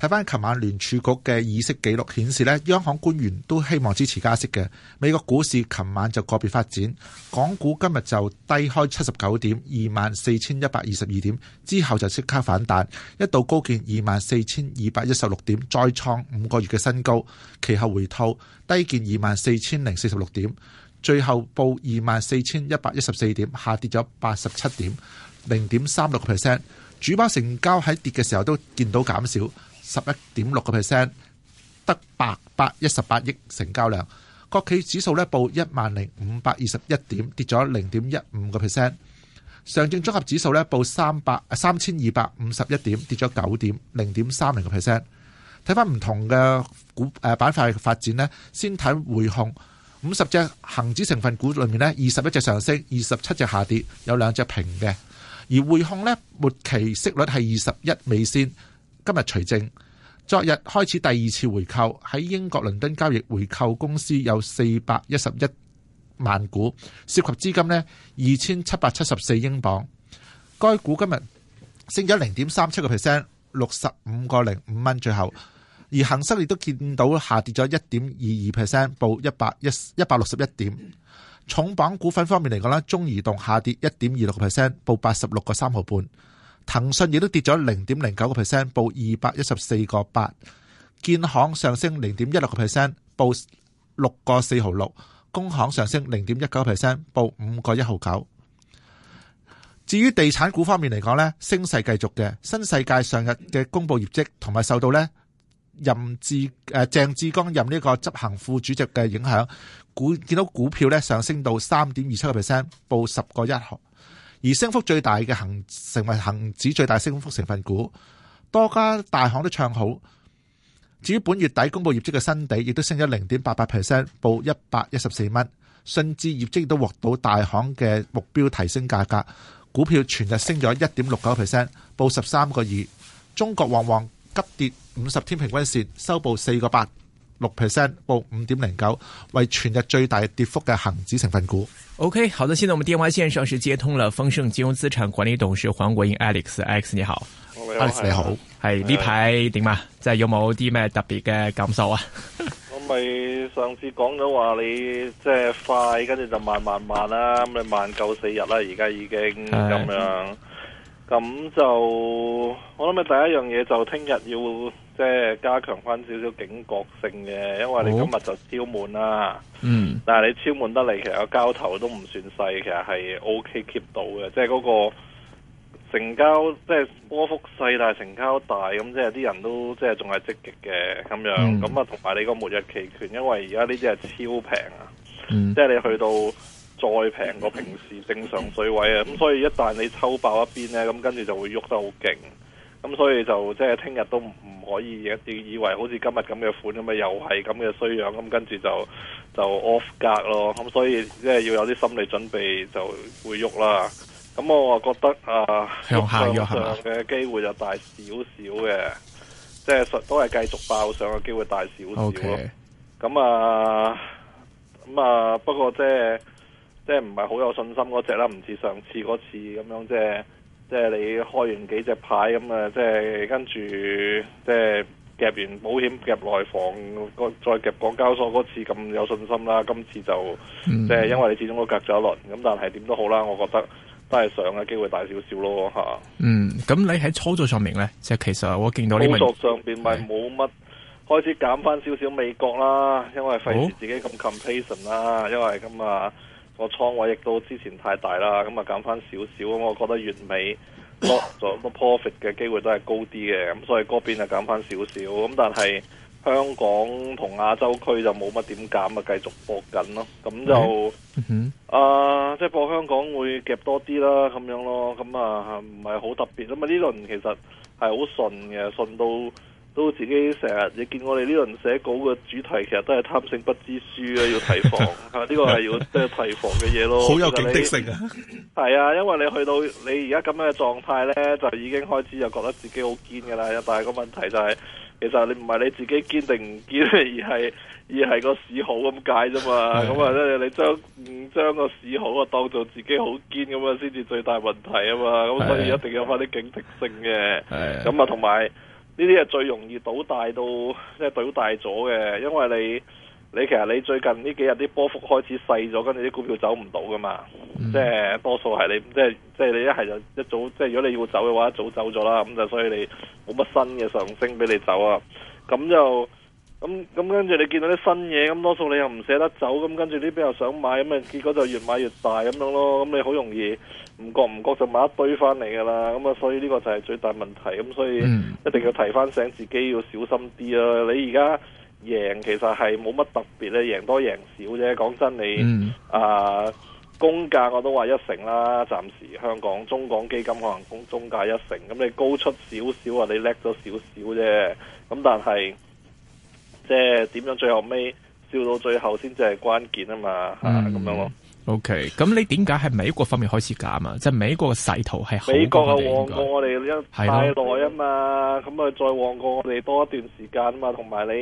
睇翻琴晚聯儲局嘅議息記錄顯示呢，央行官員都希望支持加息嘅。美國股市琴晚就個別發展，港股今日就低開七十九點，二萬四千一百二十二點之後就即刻反彈，一度高見二萬四千二百一十六點，再創五個月嘅新高。其後回吐低見二萬四千零四十六點，最後報二萬四千一百一十四點，下跌咗八十七點零點三六個 percent。主板成交喺跌嘅時候都見到減少。十一點六個 percent，得八百一十八億成交量。國企指數咧報一萬零五百二十一點，跌咗零點一五個 percent。上證綜合指數咧報三百三千二百五十一點，跌咗九點零點三零個 percent。睇翻唔同嘅股誒板塊嘅發展咧，先睇匯控五十隻恒指成分股裏面咧，二十一隻上升，二十七隻下跌，有兩隻平嘅。而匯控咧，末期息率係二十一美仙，今日除淨。昨日開始第二次回購，喺英國倫敦交易回購公司有四百一十一萬股，涉及資金呢二千七百七十四英鎊。該股今日升咗零點三七個 percent，六十五個零五蚊最後。而恒生亦都見到下跌咗一點二二 percent，報一百一一百六十一點。重磅股份方面嚟講呢，中移動下跌一點二六個 percent，報八十六個三毫半。騰訊亦都跌咗零點零九個 percent，報二百一十四個八。建行上升零點一六個 percent，報六個四毫六。工行上升零點一九個 percent，報五個一毫九。至於地產股方面嚟講咧，升勢繼續嘅新世界上日嘅公佈業績同埋受到咧任志誒鄭、呃、志剛任呢個執行副主席嘅影響，股見到股票咧上升到三點二七個 percent，報十個一毫。而升幅最大嘅恒成為恒指最大升幅成分股，多家大行都唱好。至於本月底公布業績嘅新地，亦都升咗零點八八 percent，報一百一十四蚊，信置業績亦都獲到大行嘅目標提升價格。股票全日升咗一點六九 percent，報十三個二。中國旺旺急跌五十天平均線，收報四個八。六 percent 報五點零九，為全日最大跌幅嘅恒指成分股。OK，好的，現在我們電話線上是接通了豐盛金融資產管理董事黃國英 Alex，Alex 你好，oh, 你好，Alex 你好，係呢排點啊？即係近、哎、有冇啲咩特別嘅感受啊？ 我咪上次講咗話你即係快，跟住就慢慢慢啦，咁你慢夠四日啦，而家已經咁、哎、樣。咁就我諗咪第一樣嘢就聽日要即係、就是、加強翻少少警覺性嘅，因為你今日就超滿啦。嗯。但係你超滿得嚟，其實個交投都唔算細，其實係 O K keep 到嘅。即係嗰個成交，即、就、係、是、波幅細，但係成交大，咁即係啲人都即係仲係積極嘅咁樣。咁啊、嗯，同埋你個末日期權，因為而家呢啲係超平啊。即係、嗯、你去到。再平過平時正常水位啊！咁、嗯、所以一旦你抽爆一邊呢，咁跟住就會喐得好勁。咁所以就即係聽日都唔可以一啲以為好似今日咁嘅款咁啊，又係咁嘅衰樣咁，跟住就就 off 格咯。咁所以即係、就是、要有啲心理準備就會喐啦。咁我覺得啊、呃，向下上嘅機會就大少少嘅，即係實都係繼續爆上嘅機會大少少咯。咁 Okay. 啊，咁啊，不過即、就、係、是。即係唔係好有信心嗰隻啦，唔似上次嗰次咁樣，即係即係你開完幾隻牌咁啊，即係跟住即係夾完保險夾內房，再夾港交所嗰次咁有信心啦。今次就、嗯、即係因為你始終都隔咗一輪，咁但係點都好啦，我覺得都係上嘅機會大少少咯嚇。嗯，咁你喺操作上面咧，即係其實我見到操作上邊咪冇乜開始減翻少少美國啦，因為費事自己咁 competition 啦，好因為咁啊。個倉位亦都之前太大啦，咁啊減翻少，少少，我覺得月尾攞咗個 profit 嘅機會都係高啲嘅，咁所以嗰邊啊減翻少少，咁但係香港同亞洲區就冇乜點減啊，繼續搏緊咯，咁就啊、 呃，即係搏香港會夾多啲啦，咁樣咯，咁啊唔係好特別，咁啊呢輪其實係好順嘅，順到。都自己成日你見我哋呢輪寫稿嘅主題，其實都係貪勝不知輸啊，要提防吓，呢個係要都要提防嘅嘢咯。好有警惕性啊！係啊，因為你去到你而家咁樣嘅狀態咧，就已經開始又覺得自己好堅噶啦。但係個問題就係，其實你唔係你自己堅定唔堅，而係而係個市好咁解啫嘛。咁啊，即係你將將個市好啊，當做自己好堅咁啊，先至最大問題啊嘛。咁所以一定要有翻啲警惕性嘅。咁啊，同埋。呢啲係最容易賭大到，即係賭大咗嘅，因為你你其實你最近呢幾日啲波幅開始細咗，跟住啲股票走唔到㗎嘛，嗯、即係多數係你，即係即係你一係就一早，即係如果你要走嘅話，一早走咗啦，咁就所以你冇乜新嘅上升俾你走啊，咁就。咁咁跟住你見到啲新嘢，咁多數你又唔捨得走，咁跟住呢邊又想買，咁咪結果就越買越大咁樣咯。咁你好容易唔覺唔覺就買一堆翻嚟噶啦。咁啊，所以呢個就係最大問題。咁所以一定要提翻醒自己、嗯、要小心啲啊。你而家贏其實係冇乜特別咧，贏多贏少啫。講真，你啊、嗯呃，公價我都話一成啦。暫時香港中港基金可能公中介一成，咁你高出少少啊，你叻咗少少啫。咁但係。即係點樣？最後尾笑到最後先，即係關鍵啊嘛，吓咁、嗯、樣咯。O K，咁你點解喺美國方面開始減啊？即係美國嘅勢頭係好勁嘅。美國係旺過我哋一派耐啊嘛，咁啊咯再旺過我哋多一段時間啊嘛，同埋你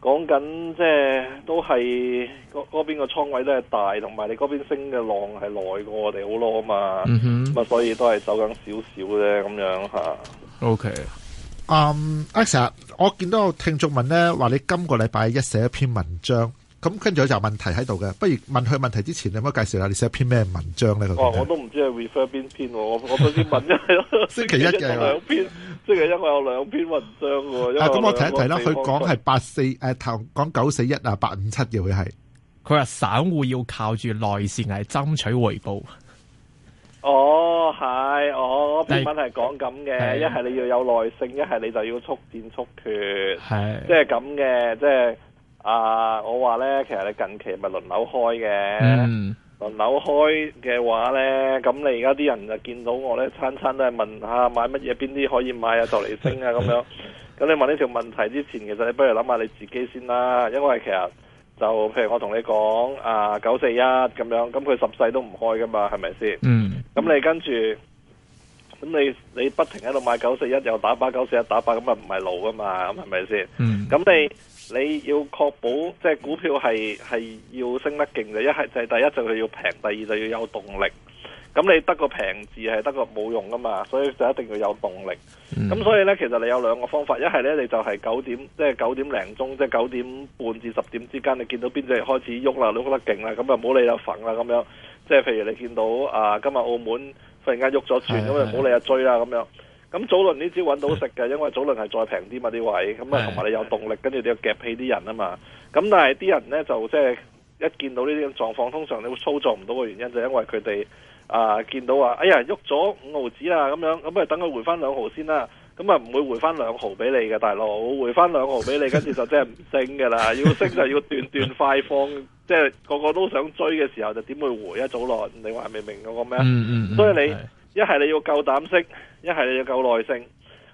講緊即係都係嗰嗰邊個倉位都係大，同埋你嗰邊升嘅浪係耐過我哋好多啊嘛，咁啊、嗯、哼所以都係走緊少少啫，咁樣吓。O K。阿 Sir，、um, 我見到聽眾問咧，話你今個禮拜一寫一篇文章，咁跟住就問題喺度嘅，不如問佢問題之前，你可唔可以介紹下你寫一篇咩文章咧、哦？我都唔知係 refer 邊篇，我我先問 一，星期 一嘅兩篇，星期一我有兩篇文章。啊，咁、嗯嗯、我提一提啦，佢講係八四誒，頭講九四一啊，八五七嘅佢係，佢話散戶要靠住內線係爭取回報。哦，係、oh, oh, Like,，我篇文章係講咁嘅，一係你要有耐性，一係 yeah. 你就要速戰速決，係 Yeah.，即係咁嘅，即係啊，我話咧，其實你近期咪輪流開嘅，輪、mm. 流開嘅話咧，咁你而家啲人就見到我咧，餐餐都係問下買乜嘢，邊啲可以買啊，就嚟升啊，咁 樣，咁你問呢條問題之前，其實你不如諗下你自己先啦，因為其實。就譬如我同你講啊，九四一咁樣，咁佢十世都唔開噶嘛，係咪先？嗯。咁你跟住，咁你你不停喺度買九四一，又打八九四一，打八咁啊唔係路噶嘛，咁係咪先？嗯。咁你你要確保即係、就是、股票係係要升得勁嘅，一係就第一就要平，第二就要有動力。咁你得個平字係得個冇用噶嘛，所以就一定要有動力。咁、嗯、所以呢，其實你有兩個方法，一係呢，你就係九點，即係九點零鐘，即係九點半至十點之間，你見到邊隻開始喐啦，你喐得勁啦，咁啊唔好理啦，粉啦咁樣。即係譬如你見到啊、呃，今日澳門突然間喐咗船，咁啊唔好理啊追啦咁樣。咁是的 早輪呢招揾到食嘅，因為早輪係再平啲嘛啲位，咁啊同埋你有動力，跟住你要夾起啲人啊嘛。咁但係啲人呢，就即係一見到呢啲狀況，通常你會操作唔到嘅原因就係因為佢哋。啊！見到話，啊、哎呀，喐咗五毫子啦，咁樣咁咪等佢回翻兩毫先啦。咁啊，唔會回翻兩毫俾你嘅，大佬，回翻兩毫俾你，跟住 就真係唔升噶啦。要升就要斷斷快放， 即係個個都想追嘅時候，就點會回啊？早落，你話明唔明嗰個咩、嗯？嗯嗯。所以你一係的你要夠膽升，一係你要夠耐性。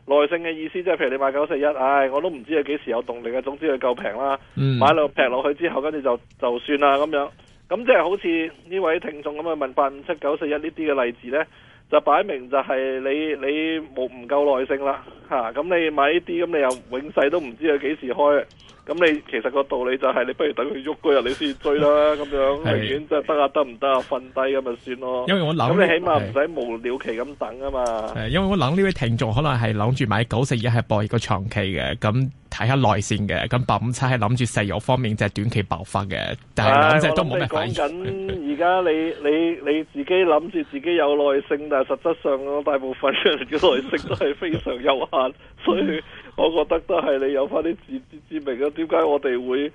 耐性嘅意思即、就、係、是、譬如你買九四一，唉，我都唔知佢幾時有動力啊。總之佢夠平啦，買落劈落去之後，跟住就就算啦，咁樣。咁即係好似呢位聽眾咁嘅問八五七九四一呢啲嘅例子咧。就擺明就係你你冇唔夠耐性啦嚇，咁你買呢啲咁你又永世都唔知佢幾時開，咁你其實個道理就係你不如等佢喐嗰日你先追啦，咁樣永遠就得啊，得唔得啊？瞓低咁咪算咯。因為我諗咁你起碼唔使無了期咁等啊嘛。誒，因為我諗呢位聽眾可能係諗住買九四二係博一個長期嘅，咁睇下內線嘅，咁八五七係諗住石油方面就係短期爆發嘅，但係兩隻都冇咩反應。而家你你你自己諗住自己有耐性，但實質上大部分嘅耐性都係非常有限，所以我覺得都係你有翻啲自知之明啊！點解我哋會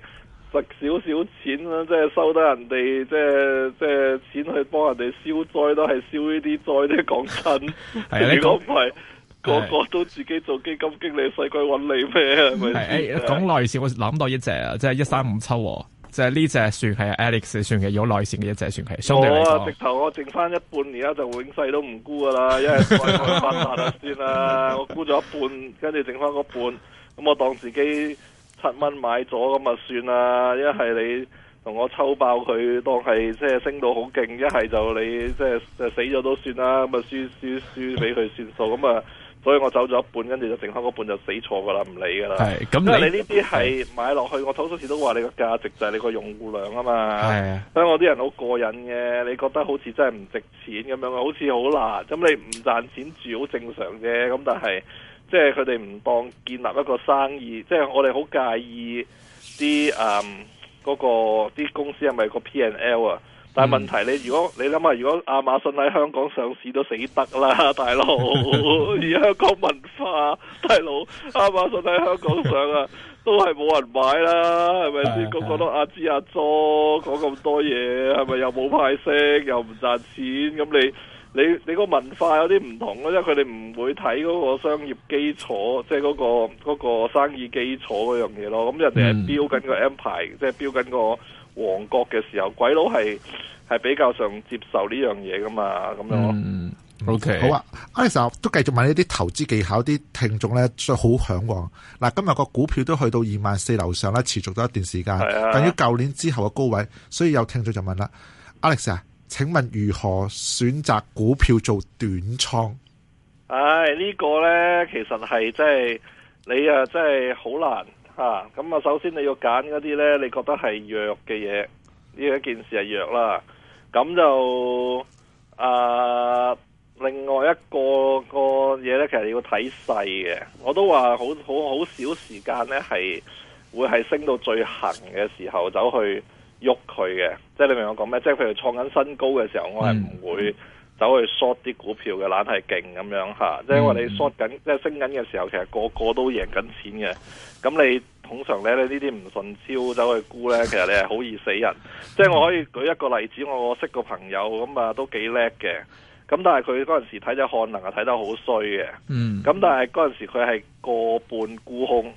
實少少錢啊？即係收得人哋，即係即係錢去幫人哋消災，都係消呢啲災啫。講真， 你說如果唔係個個都自己做基金經理，使鬼搵你咩？係咪講耐少，我諗到一隻啊，即係一三五抽喔。就呢隻算係 Alex 算嘅有耐性嘅一隻算係，我、哦、啊直頭我剩翻一半而家就永世都唔沽噶啦，一係再分分算啦，我沽咗一半，跟住剩翻嗰半，咁我當自己七蚊買咗咁啊算啦，一係你同我抽爆佢，當係即係升到好勁，一係就你即係死咗都算啦，咁啊輸輸輸俾佢算數咁啊。所以我走咗一半，跟住就剩翻嗰半就死錯噶啦，唔理噶啦。係咁，因為你呢啲係買落去，我頭先都話你個價值就係你個用戶量啊嘛。係啊的，香港啲人好過癮嘅，你覺得好似真係唔值錢咁樣，好似好難。咁你唔賺錢住好正常啫。咁但係即係佢哋唔當建立一個生意，即係我哋好介意啲嗯嗰、嗰個啲、嗰個嗰個、公司係咪、個 P&L 啊？但係問題，你如果你諗下，如果亞馬遜喺香港上市都死得啦，大佬！ 而香港文化，大佬亞馬遜喺香港上啊，都係冇人買啦，係咪先？個 個都阿支阿左，講咁多嘢，係咪又冇派息，又唔賺錢？咁你你你個文化有啲唔同咯，因為佢哋唔會睇嗰個商業基礎，即係嗰個生意基礎嗰樣嘢咯。咁人哋係標緊個 M 牌，即係標緊個。黃國嘅時候，鬼佬係係比較上接受呢樣嘢噶嘛，咁樣咯。嗯，OK，好啊，Alex 都繼續問一啲投資技巧，啲聽眾咧就好向往。嗱，今日個股票都去到二萬四樓上咧，持續咗一段時間，等於舊年之後嘅高位，所以有聽眾就問啦，Alex 啊，請問如何選擇股票做短倉？唉，呢個咧其實係即係你啊，即係好難。吓，咁啊，首先你要揀嗰啲呢，你覺得係弱嘅嘢，呢一件事係弱啦。咁就誒、啊，另外一個個嘢呢，其實你要睇細嘅。我都話好好好少時間呢係會係升到最行嘅時候走去喐佢嘅。即係你明我講咩？即係譬如創緊新高嘅時候，嗯、我係唔會。走去 short 啲股票嘅，懶係勁咁樣吓，即係、嗯、因為你 short 緊，即係升緊嘅時候，其實個個都贏緊錢嘅。咁你通常咧，呢啲唔順超走去沽呢，其實你係好易死人。嗯、即係我可以舉一個例子，我我識個朋友咁啊，都幾叻嘅。咁但係佢嗰陣時睇咗漢能啊，睇得好衰嘅。嗯。咁但係嗰陣時佢係個半沽空。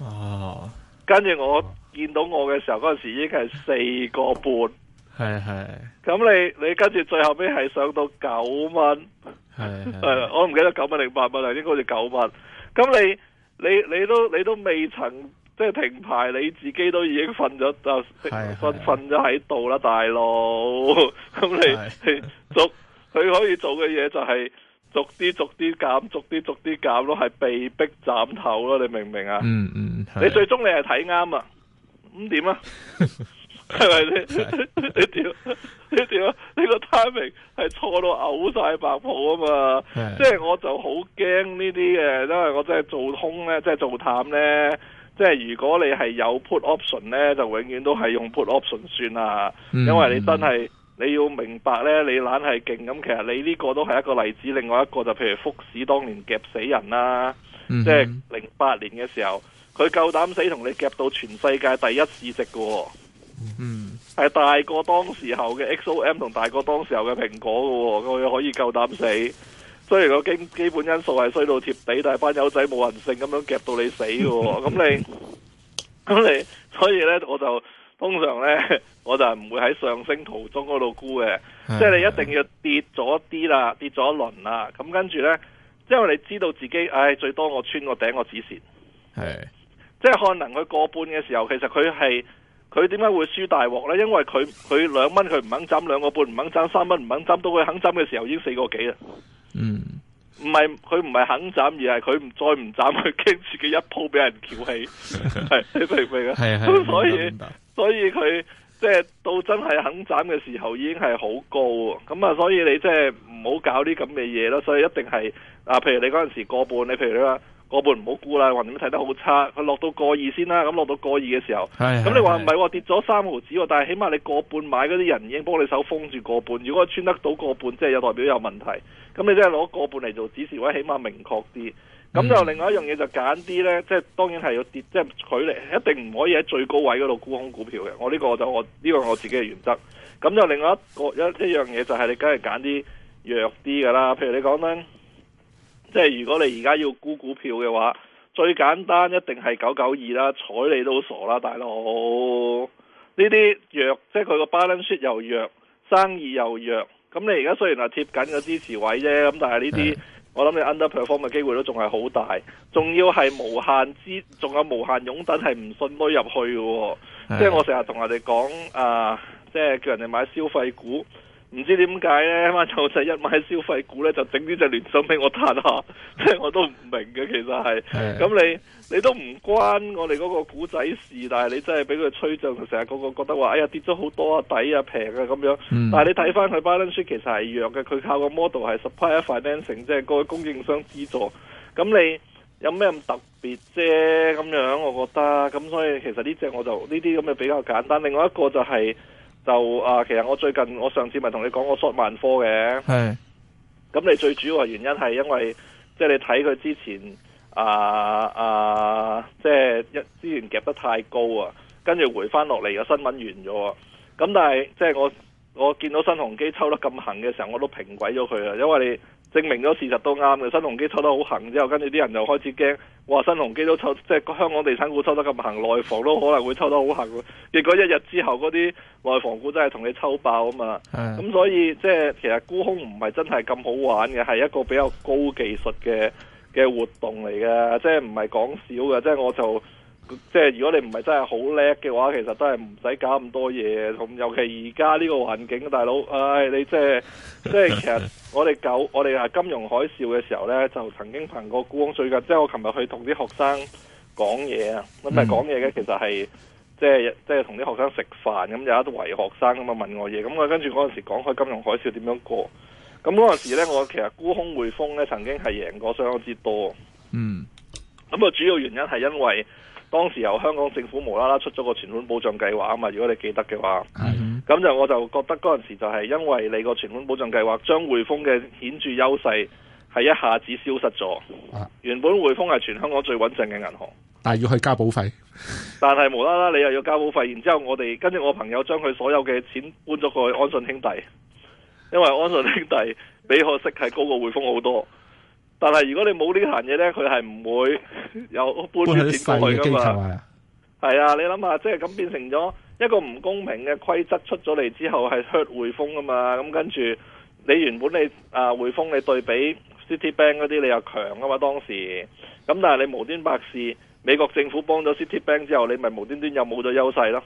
哦、啊。跟住我、啊、見到我嘅時候，嗰陣時已經係四個半。係係，咁你你跟住最後尾係上到九蚊，係 係樂，我唔記得九蚊零八蚊啦，應該好似九蚊。咁你你你都你都未曾即係停牌，你自己都已經瞓咗就瞓瞓咗喺度啦，大佬。咁你續佢可以做嘅嘢就係逐啲逐啲減，逐啲逐啲減咯，係被逼斬頭咯，你明唔明啊？嗯嗯，你最終你係睇啱啊？咁點啊？ 係咪先？ 係咪你點？ 你點？呢個 timing 係錯到嘔晒白泡啊嘛！的即係我就好驚呢啲嘅，因為我真係做通咧、就是，即係做淡咧，即係如果你係有 put option 咧，就永遠都係用 put option 算啦。嗯、因為你真係你要明白咧，你懶係勁咁，其實你呢個都係一個例子。另外一個就譬如福士當年夾死人啦、啊，即係零八年嘅時候，佢夠膽死同你夾到全世界第一市值噶、哦。嗯，係大過當時候嘅 XOM 同大過當時候嘅蘋果嘅、哦，我又可以夠膽死。雖然個基基本因素係衰到貼地，但係班友仔冇人性咁樣夾到你死嘅、哦。咁 你，咁你，所以咧，我就通常咧，我就唔會喺上升途中嗰度沽嘅。即係是的 你一定要跌咗啲啦，跌咗輪啦。咁跟住咧，即係你知道自己，唉、哎，最多我穿個頂個止蝕。係，即係可能佢過半嘅時候，其實佢係。佢點解會輸大鑊呢？因為佢佢兩蚊佢唔肯斬兩個半斬，唔肯斬三蚊，唔肯斬，到佢肯斬嘅時候已經四個幾啦。嗯，唔係佢唔係肯斬，而係佢再唔斬，佢驚自己一鋪俾人翹起。係係係，你明唔明啊 所以、嗯、所以佢即係到真係肯斬嘅時候，已經係好高。咁啊，所以你即係唔好搞啲咁嘅嘢咯。所以一定係啊，譬如你嗰陣時過半，你譬如你話。.個半唔好估啦，或者點睇得好差，佢落到個二先啦。咁落到個二嘅時候，咁是你話唔係話跌咗三毫子，但係起碼你個半買嗰啲人已經幫你手封住個半。如果穿得到個半，即係有代表有問題。咁你即係攞個半嚟做指示位，或起碼明確啲。咁就另外一樣嘢就揀啲呢，即係當然係要跌，即係距離一定唔可以喺最高位嗰度沽空股票嘅。我呢個就我呢、呢個我自己嘅原則。咁就另外一個一一,一樣嘢就係你梗係揀啲弱啲噶啦。譬如你講緊。即係如果你而家要估股票嘅話，最簡單一定係九九二啦，睬你都傻啦，大佬！呢啲弱，即係佢個 balance sheet 又弱，生意又弱。咁你而家雖然係貼緊個支持位啫，咁但係呢啲我諗你 underperform 嘅機會都仲係好大，仲要係無限支，仲有無限擁躉係唔信推入去嘅，哦是呃。即係我成日同人哋講啊，即係叫人哋買消費股。唔知點解呢，啱啱，就就一買消費股呢，就整呢隻聯想俾我彈下，即 係我都唔明嘅，其實係。咁的你你都唔關我哋嗰個股仔事，事，但係你真係俾佢吹脹，成日個個覺得話，哎呀跌咗好多啊，抵啊平啊咁樣。嗯、但係你睇翻佢 balance sheet，其實係弱嘅，佢靠個 model 係 supplier financing，即係個供應商資助。咁你有咩咁特別啫？咁樣我覺得，咁所以其實呢隻我就呢啲咁嘅比較簡單。另外一個就係、是。就啊，其實我最近我上次咪同你講過 short 萬科嘅，係的，咁你最主要嘅原因係因為，即係你睇佢之前啊啊，即係一資源夾得太高啊，跟住回翻落嚟嘅新聞完咗，咁但係即係我我見到新鴻基抽得咁行嘅時候，我都平鬼咗佢啦，因為你。證明咗事實都啱嘅，新鴻基抽得好行，之後跟住啲人就開始驚，哇！新鴻基都抽，即係香港地產股抽得咁行，內房都可能會抽得好行喎。結果一日之後，嗰啲內房股真係同你抽爆啊嘛。咁的、嗯、所以即係其實沽空唔係真係咁好玩嘅，係一個比較高技術嘅嘅活動嚟嘅，即係唔係講笑嘅，即係我就。即係如果你唔係真係好叻嘅話，其實都係唔使搞咁多嘢。同尤其而家呢個環境，大佬，唉、哎，你即係即係，其實我哋九，我哋係金融海嘯嘅時候呢，就曾經憑過沽空最近，即係我琴日去同啲學生講嘢啊，但係講嘢嘅，其實係即係即係同啲學生食飯，咁有一啲圍學生咁啊問我嘢，咁我跟住嗰陣時講開金融海嘯點樣過，咁嗰陣時咧，我其實沽空匯豐咧，曾經係贏過相當之多，嗯，咁啊主要原因係因為。當時由香港政府無啦啦出咗個存款保障計劃啊嘛，如果你記得嘅話，咁就、嗯、我就覺得嗰陣時就係因為你個存款保障計劃，將匯豐嘅顯著優勢係一下子消失咗。哇原本匯豐係全香港最穩陣嘅銀行，但係要去交保費，但係無啦啦你又要交保費，然之後我哋跟住我朋友將佢所有嘅錢搬咗過去安信兄弟，因為安信兄弟，比可息係高過匯豐好多。但係如果你冇呢行嘢呢，佢係唔會有搬點跌過去噶嘛。係啊，你諗下，即係咁變成咗一個唔公平嘅規則出咗嚟之後，係 hurt 匯豐啊嘛。咁跟住你原本你啊匯豐你對比 Citibank 嗰啲，你又強啊嘛當時。咁但係你無端白事，美國政府幫咗 Citibank 之後，你咪無端端又冇咗優勢咯。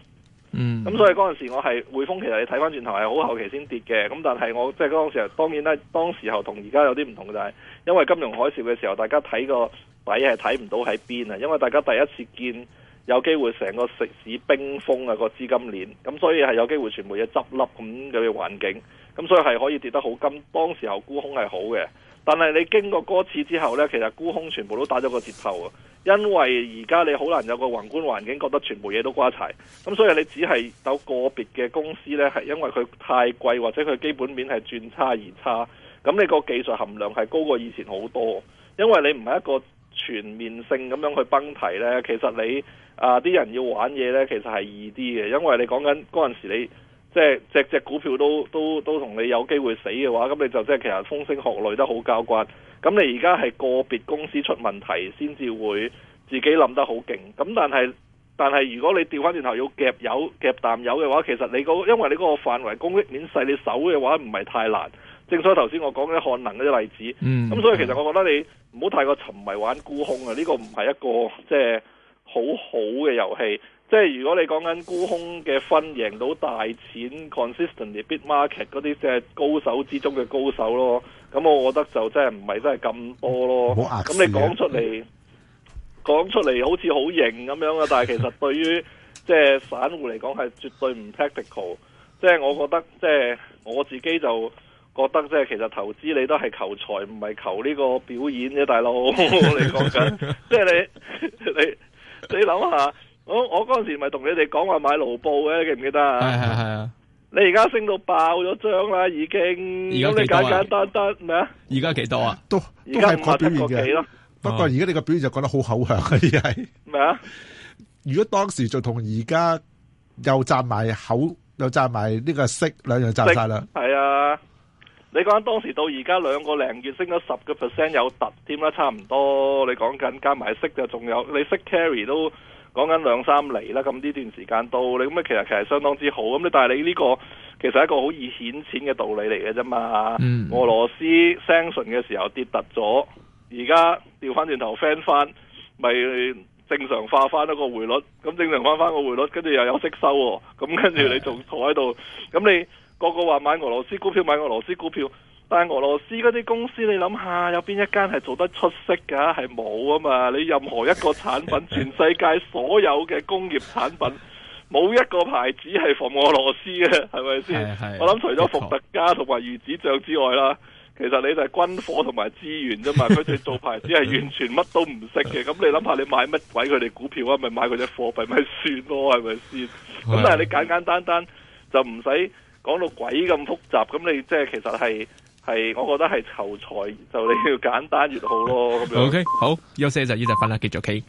嗯，咁所以嗰陣時我係匯豐其實你睇翻轉頭係好後期先跌嘅，咁但係我即係嗰陣時候當然啦，當時候同而家有啲唔同就係因為金融海嘯嘅時候，大家睇個位係睇唔到喺邊啊，因為大家第一次見有機會成個食市冰封啊、個資金鏈，咁所以係有機會全部嘢執笠咁嘅環境，咁所以係可以跌得好金，當時候沽空係好嘅。但係你經過嗰次之後呢，其實沽空全部都打咗個折頭啊！因為而家你好難有個宏觀環境，覺得全部嘢都瓜齊，咁所以你只係有個別嘅公司呢，係因為佢太貴或者佢基本面係轉差而差。咁你個技術含量係高過以前好多，因為你唔係一個全面性咁樣去崩堤、呃、呢。其實你啊啲人要玩嘢呢，其實係易啲嘅，因為你講緊嗰陣時你。即係只只股票都都都同你有機會死嘅話，咁你就即係其實風聲學雷風聲鶴唳得好交關。咁你而家係個別公司出問題先至會自己冧得好勁。咁但係但係如果你調翻轉頭要夾友夾淡友嘅話，其實你嗰、嗰個、因為你嗰個範圍攻擊面細，你守嘅話唔係太難。正所謂頭先我講嘅漢能嗰啲例子，咁、嗯、所以其實我覺得你唔好太過沉迷玩沽空啊！呢、呢個唔係一個即係好好嘅遊戲。即係如果你講緊沽空嘅分贏到大錢 consistently beat market 嗰啲即係高手之中嘅高手咯，咁我覺得就真係唔係真係咁多咯。咁你講出嚟，講出嚟好似好型咁樣啊！但係其實對於即係散戶嚟講，係絕對唔 practical。即係我覺得，即係我自己就覺得，即係其實投資你都係求財，唔係求呢個表演嘅大佬。你講緊，即係你你你諗下。我我嗰時咪同你哋講話買盧布嘅，記唔記得啊？係係係啊！你而家升到爆咗張啦，已經家、啊、你簡簡單單咩啊？而家幾多啊？都都係五萬七個幾咯、嗯。不過而家你個表現就覺得好口響啲係咩啊？如果當時就同而家又賺埋口又賺埋呢個息，兩樣賺晒啦。係啊！你講緊當時到而家兩個零月升咗十個 percent 有突添啦，差唔多。你講緊加埋息就仲有，你息 carry 都。都講緊兩三厘啦，咁呢段時間到你咁啊，其實其實相當之好咁。但係你呢、這個其實係一個好易顯淺嘅道理嚟嘅啫嘛。嗯、俄羅斯 sanction 嘅時候跌突咗，而家調翻轉頭翻，咪 正常化翻一個匯率。咁正常翻翻個匯率，跟住又有息收喎。咁跟住你仲坐喺度，咁你個個話買俄羅斯股票，買俄羅斯股票。.但俄羅斯嗰啲公司，你諗下、啊、有邊一間係做得出色噶、啊？係冇啊嘛！你任何一個產品， 全世界所有嘅工業產品，冇一個牌子係防俄羅斯嘅，係咪先？ 我諗除咗伏特加同埋魚子醬之外啦，其實你就係軍火同埋資源啫嘛。佢哋做牌子係完全乜都唔識嘅。咁 你諗下，你買乜鬼佢哋股票啊？咪買佢隻貨幣咪算咯？係咪先？咁 但係你簡，簡簡單單就唔使講到鬼咁複雜。咁你即係其實係。係，我覺得係求財，就你要簡單越好咯。咁樣 OK，好，休息一陣，依陣翻啦，繼續傾。